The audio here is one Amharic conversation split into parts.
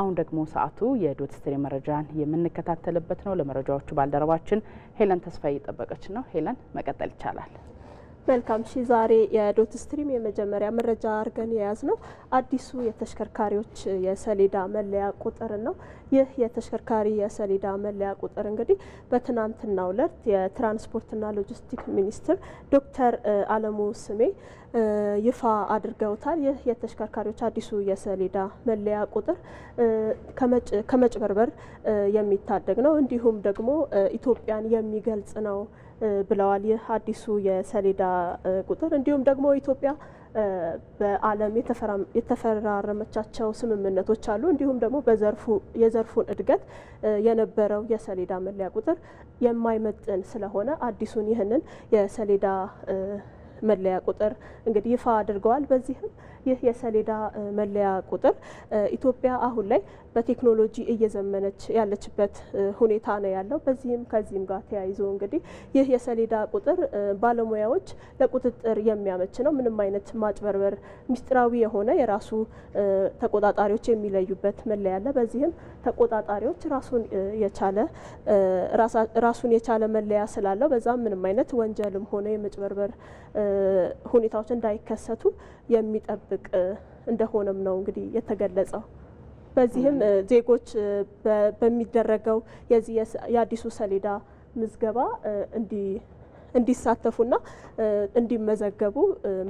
አሁን ደግሞ ሰዓቱ የዶትስትሪ መረጃን የምንከታተልበት ነው። ለመረጃዎቹ ባልደረባችን ሄለን ተስፋዬ እየጠበቀች ነው። ሄለን መቀጠል ይቻላል። መልካም ሺ ዛሬ የዶት ስትሪም የመጀመሪያ መረጃ አድርገን የያዝ ነው አዲሱ የተሽከርካሪዎች የሰሌዳ መለያ ቁጥር ነው። ይህ የተሽከርካሪ የሰሌዳ መለያ ቁጥር እንግዲህ በትናንትናው ዕለት የትራንስፖርትና ሎጂስቲክ ሚኒስትር ዶክተር አለሙ ስሜ ይፋ አድርገውታል። ይህ የተሽከርካሪዎች አዲሱ የሰሌዳ መለያ ቁጥር ከመጭበርበር የሚታደግ ነው፣ እንዲሁም ደግሞ ኢትዮጵያን የሚገልጽ ነው ብለዋል። ይህ አዲሱ የሰሌዳ ቁጥር እንዲሁም ደግሞ ኢትዮጵያ በዓለም የተፈራረመቻቸው ስምምነቶች አሉ። እንዲሁም ደግሞ በዘርፉ የዘርፉን እድገት የነበረው የሰሌዳ መለያ ቁጥር የማይመጥን ስለሆነ አዲሱን ይህንን የሰሌዳ መለያ ቁጥር እንግዲህ ይፋ አድርገዋል። በዚህም ይህ የሰሌዳ መለያ ቁጥር ኢትዮጵያ አሁን ላይ በቴክኖሎጂ እየዘመነች ያለችበት ሁኔታ ነው ያለው። በዚህም ከዚህም ጋር ተያይዞ እንግዲህ ይህ የሰሌዳ ቁጥር ባለሙያዎች ለቁጥጥር የሚያመች ነው። ምንም አይነት ማጭበርበር፣ ሚስጥራዊ የሆነ የራሱ ተቆጣጣሪዎች የሚለዩበት መለያ አለ። በዚህም ተቆጣጣሪዎች ራሱን የቻለ ራሱን የቻለ መለያ ስላለው በዛም ምንም አይነት ወንጀልም ሆነ የመጭበርበር ሁኔታዎች እንዳይከሰቱ የሚጠብቅ እንደሆነም ነው እንግዲህ የተገለጸው። በዚህም ዜጎች በሚደረገው የዚህ የአዲሱ ሰሌዳ ምዝገባ እንዲሳተፉና እንዲመዘገቡ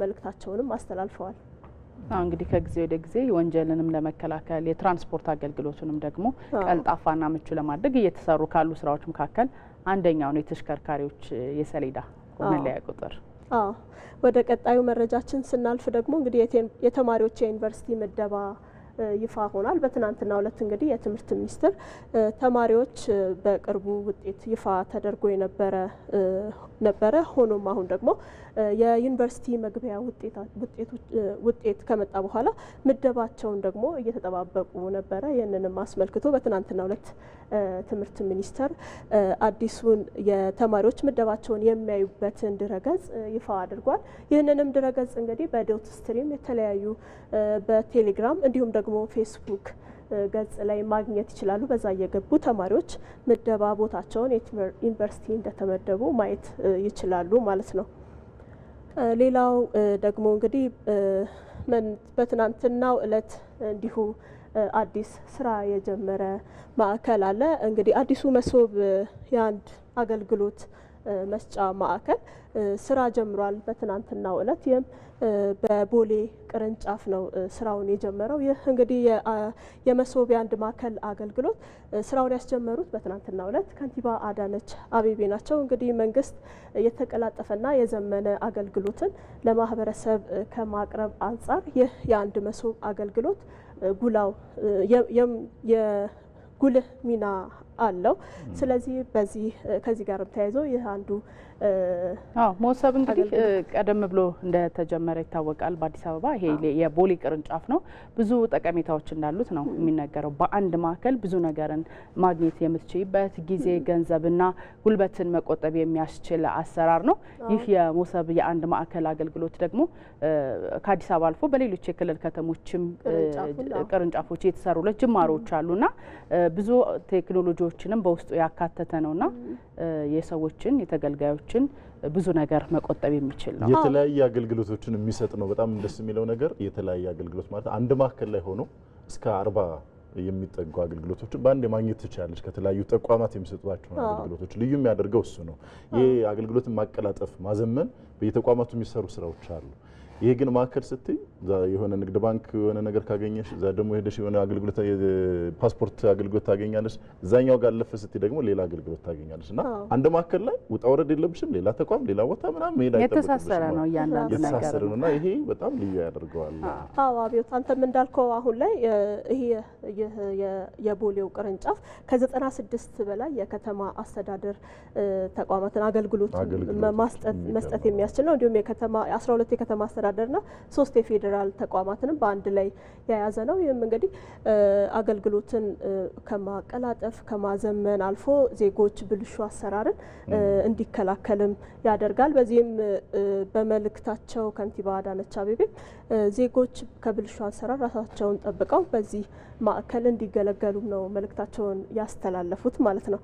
መልእክታቸውንም አስተላልፈዋል። እንግዲህ ከጊዜ ወደ ጊዜ ወንጀልንም ለመከላከል የትራንስፖርት አገልግሎቱንም ደግሞ ቀልጣፋና ምቹ ለማድረግ እየተሰሩ ካሉ ስራዎች መካከል አንደኛው ነው የተሽከርካሪዎች የሰሌዳ መለያ ቁጥር። ወደ ቀጣዩ መረጃችን ስናልፍ ደግሞ እንግዲህ የተማሪዎች የዩኒቨርሲቲ ምደባ ይፋ ሆኗል። በትናንትና ዕለት እንግዲህ የትምህርት ሚኒስቴር ተማሪዎች በቅርቡ ውጤት ይፋ ተደርጎ የነበረ ነበረ። ሆኖም አሁን ደግሞ የዩኒቨርሲቲ መግቢያ ውጤት ከመጣ በኋላ ምደባቸውን ደግሞ እየተጠባበቁ ነበረ። ይህንንም አስመልክቶ በትናንትና ዕለት ትምህርት ሚኒስቴር አዲሱን የተማሪዎች ምደባቸውን የሚያዩበትን ድረገጽ ይፋ አድርጓል። ይህንንም ድረገጽ እንግዲህ በዶት ስትሪም የተለያዩ በቴሌግራም እንዲሁም ደግሞ ደግሞ ፌስቡክ ገጽ ላይ ማግኘት ይችላሉ። በዛ እየገቡ ተማሪዎች ምደባ ቦታቸውን ዩኒቨርሲቲ እንደተመደቡ ማየት ይችላሉ ማለት ነው። ሌላው ደግሞ እንግዲህ በትናንትናው እለት እንዲሁ አዲስ ስራ የጀመረ ማዕከል አለ። እንግዲህ አዲሱ መሶብ የአንድ አገልግሎት መስጫ ማዕከል ስራ ጀምሯል በትናንትናው እለት ይህም በቦሌ ቅርንጫፍ ነው ስራውን የጀመረው። ይህ እንግዲህ የመሶብ የአንድ ማዕከል አገልግሎት ስራውን ያስጀመሩት በትናንትናው ዕለት ከንቲባ አዳነች አቤቤ ናቸው። እንግዲህ መንግስት የተቀላጠፈና የዘመነ አገልግሎትን ለማህበረሰብ ከማቅረብ አንጻር ይህ የአንድ መሶብ አገልግሎት ጉላው ጉልህ ሚና አለው። ስለዚህ በዚህ ከዚህ ጋርም ተያይዞ ይህ አንዱ ሞሰብ እንግዲህ ቀደም ብሎ እንደተጀመረ ይታወቃል። በአዲስ አበባ ይሄ የቦሌ ቅርንጫፍ ነው። ብዙ ጠቀሜታዎች እንዳሉት ነው የሚነገረው። በአንድ ማዕከል ብዙ ነገርን ማግኘት የምትችይበት ጊዜ፣ ገንዘብና ጉልበትን መቆጠብ የሚያስችል አሰራር ነው። ይህ የሞሰብ የአንድ ማዕከል አገልግሎት ደግሞ ከአዲስ አበባ አልፎ በሌሎች የክልል ከተሞችም ቅርንጫፎች የተሰሩለት ጅማሮዎች አሉና ብዙ ቴክኖሎጂ ቴክኖሎጂዎችንም በውስጡ ያካተተ ነውና የሰዎችን የተገልጋዮችን ብዙ ነገር መቆጠብ የሚችል ነው። የተለያየ አገልግሎቶችን የሚሰጥ ነው። በጣም ደስ የሚለው ነገር የተለያየ አገልግሎት ማለት አንድ ማዕከል ላይ ሆኖ እስከ አርባ የሚጠጉ አገልግሎቶችን በአንድ ማግኘት ትችላለች። ከተለያዩ ተቋማት የሚሰጧቸውን አገልግሎቶች ልዩ የሚያደርገው እሱ ነው። ይህ አገልግሎትን ማቀላጠፍ ማዘመን፣ በየተቋማቱ የሚሰሩ ስራዎች አሉ። ይሄ ግን ማዕከል ስትይ የሆነ ንግድ ባንክ የሆነ ነገር ካገኘሽ እዛ ደግሞ ሄደሽ የሆነ አገልግሎት ፓስፖርት አገልግሎት ታገኛለሽ። እዛኛው ጋር አለፈ ስትይ ደግሞ ሌላ አገልግሎት ታገኛለሽ እና አንድ ማዕከል ላይ ውጣ ወረድ የለብሽም። ሌላ ተቋም፣ ሌላ ቦታ ምናምን ሄዳ አይጠበቅብሽም። የተሳሰረ ነው እያንዳንዱ ነገር የተሳሰረ ነው እና ይሄ በጣም ልዩ ያደርገዋል። አዎ አብዮት፣ አንተም እንዳልከው አሁን ላይ ይሄ ይህ የቦሌው ቅርንጫፍ ከዘጠና ስድስት በላይ የከተማ አስተዳደር ተቋማትን አገልግሎት መስጠት የሚያስችል ነው። እንዲሁም የከተማ ሁለት የከተማ አስተዳደርና ሶስት የፌዴራል ተቋማትንም በአንድ ላይ የያዘ ነው። ይህም እንግዲህ አገልግሎትን ከማቀላጠፍ ከማዘመን አልፎ ዜጎች ብልሹ አሰራርን እንዲከላከልም ያደርጋል። በዚህም በመልእክታቸው ከንቲባ አዳነች አቤቤ ዜጎች ከብልሹ አሰራር ራሳቸውን ጠብቀው በዚህ ማዕከል እንዲገለገሉም ነው መልእክታቸውን ያስተላለፉት ማለት ነው።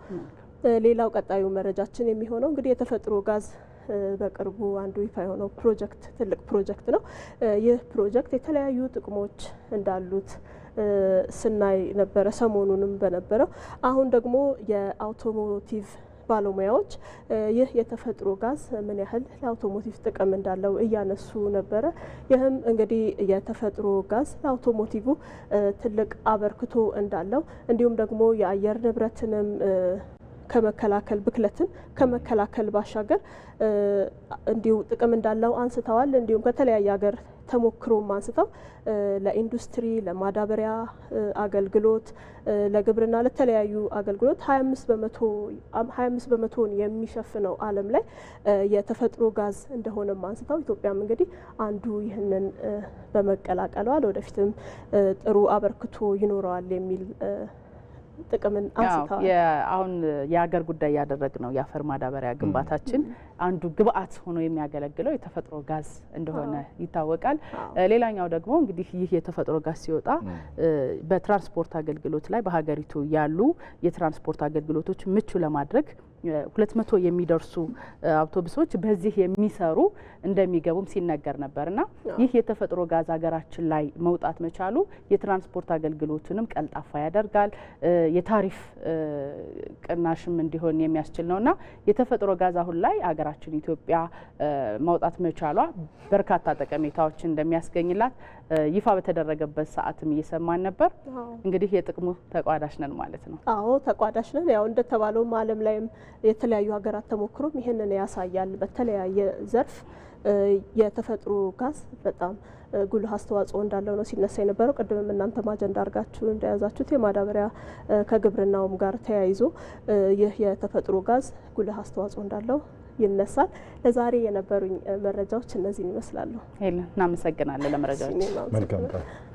ሌላው ቀጣዩ መረጃችን የሚሆነው እንግዲህ የተፈጥሮ ጋዝ በቅርቡ አንዱ ይፋ የሆነው ፕሮጀክት ትልቅ ፕሮጀክት ነው። ይህ ፕሮጀክት የተለያዩ ጥቅሞች እንዳሉት ስናይ ነበረ ሰሞኑንም በነበረው አሁን ደግሞ የአውቶሞቲቭ ባለሙያዎች ይህ የተፈጥሮ ጋዝ ምን ያህል ለአውቶሞቲቭ ጥቅም እንዳለው እያነሱ ነበረ። ይህም እንግዲህ የተፈጥሮ ጋዝ ለአውቶሞቲቭ ትልቅ አበርክቶ እንዳለው እንዲሁም ደግሞ የአየር ንብረትንም ከመከላከል ብክለትን ከመከላከል ባሻገር እንዲሁ ጥቅም እንዳለው አንስተዋል። እንዲሁም ከተለያየ ሀገር ተሞክሮም አንስተው ለኢንዱስትሪ፣ ለማዳበሪያ አገልግሎት፣ ለግብርና፣ ለተለያዩ አገልግሎት 25 በመቶን የሚሸፍነው ዓለም ላይ የተፈጥሮ ጋዝ እንደሆነም አንስተው ኢትዮጵያም እንግዲህ አንዱ ይህንን በመቀላቀለዋል ወደፊትም ጥሩ አበርክቶ ይኖረዋል የሚል ጥቅምን አንስተዋል። አሁን የሀገር ጉዳይ ያደረግ ነው የአፈር ማዳበሪያ ግንባታችን አንዱ ግብአት ሆኖ የሚያገለግለው የተፈጥሮ ጋዝ እንደሆነ ይታወቃል። ሌላኛው ደግሞ እንግዲህ ይህ የተፈጥሮ ጋዝ ሲወጣ በትራንስፖርት አገልግሎት ላይ በሀገሪቱ ያሉ የትራንስፖርት አገልግሎቶች ምቹ ለማድረግ ሁለት መቶ የሚደርሱ አውቶቡሶች በዚህ የሚሰሩ እንደሚገቡም ሲነገር ነበር እና ይህ የተፈጥሮ ጋዝ ሀገራችን ላይ መውጣት መቻሉ የትራንስፖርት አገልግሎትንም ቀልጣፋ ያደርጋል። የታሪፍ ቅናሽም እንዲሆን የሚያስችል ነው እና የተፈጥሮ ጋዝ አሁን ላይ ሀገራችን ኢትዮጵያ መውጣት መቻሏ በርካታ ጠቀሜታዎችን እንደሚያስገኝላት ይፋ በተደረገበት ሰዓትም እየሰማን ነበር። እንግዲህ የጥቅሙ ተቋዳሽ ነን ማለት ነው። አዎ ተቋዳሽ ነን። ያው እንደተባለውም ዓለም ላይም የተለያዩ ሀገራት ተሞክሮም ይህንን ያሳያል። በተለያየ ዘርፍ የተፈጥሮ ጋዝ በጣም ጉልህ አስተዋጽኦ እንዳለው ነው ሲነሳ የነበረው። ቅድምም እናንተ አጀንዳ አርጋችሁ እንደያዛችሁት የማዳበሪያ ከግብርናውም ጋር ተያይዞ ይህ የተፈጥሮ ጋዝ ጉልህ አስተዋጽኦ እንዳለው ይነሳል። ለዛሬ የነበሩኝ መረጃዎች እነዚህን ይመስላሉ። እናመሰግናለን ለመረጃዎች።